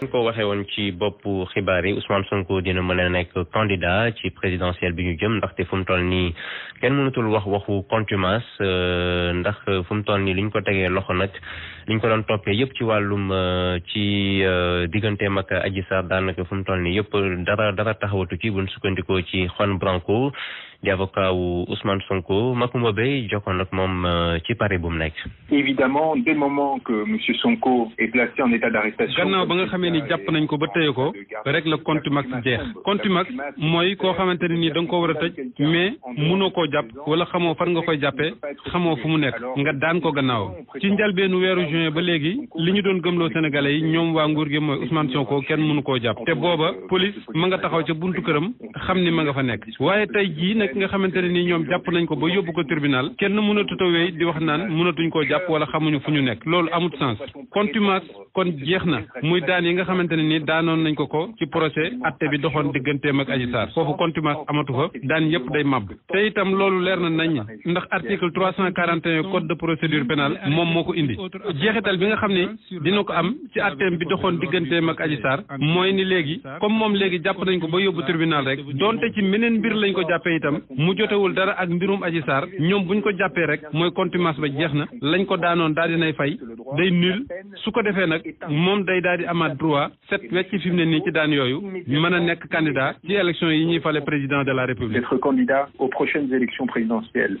ñu ko waxee woon ci bopp xibaar yi Ousmane Sonko dina mën a nekk candidat ci présidentielle bi ñu jëm ndaxte fu mu toll nii kenn mënatul wax waxu contumace euh, ndax fu mu toll nii liñ ko tegee loxo nag liñ ko doon toppee yëpp ci wàllum euh, ci euh, digganteem ak Adji Sarr daanaka fu mu toll nii yëpp dara dara taxawatu ci buñ sukkandikoo ci Juan Branco di avocat wu Ousmane Sonko Macoumba Beye jokkoon ak moom euh, ci Paris bu mu nekk. évidemment dès le moment que monsieur Sonko est placé en état d'arrestation. gannaaw ba nga xamee ni jàpp nañ ko ba teye ko rek la contumax jeex contumax mooy koo xamante ne nii da nga ko war a tëj mais mënoo koo jàpp wala xamoo fan nga koy jàppee xamoo fu mu nekk nga daan ko gannaaw ci njalbeenu weeru juin ba léegi li ñu doon gëmloo Sénégalais yi ñoom waa nguur gi mooy Ousmane Sonko kenn mënu koo jàpp te booba police ma nga taxaw ca buntu këram xam ni ma nga fa nekk nag nga xamante ne nii ñoom jàpp nañ ko ba yóbbu ko tribunal kenn mënatut a wéy di wax naan mënatuñ koo jàpp wala xamuñu fu ñu nekk loolu amut sens contumace kon jeex na muy daan yi nga xamante ne ni daanoon nañ ko ko ci procès atte bi doxoon digganteem ak Adji Sarr foofu contumace amatu fa daan yëpp day màbb te itam loolu leer na nañ ndax article trois cent quarante et un code de procédure pénale moom moo ko indi jeexital bi nga xam ne dina ko am ci atteem bi doxoon digganteem ak Adji Sarr mooy ni léegi comme moom léegi jàpp nañ ko ba yóbbu tribunal rek donte ci meneen mbir lañ ko jàppee itam mu jotewul dara ak mbirum Adji Sarr ñoom buñ ko jàppee rek mooy contumace ba na lañ ko daanoon daal dinay fay day nul su ko defee nag moom day daal di amaat droit set wecc fi mu ne nii ci daan yooyu mën a nekk candidat ci élection yi ñuy fale président de la république. d'être candidat aux prochaines élections présidentielles.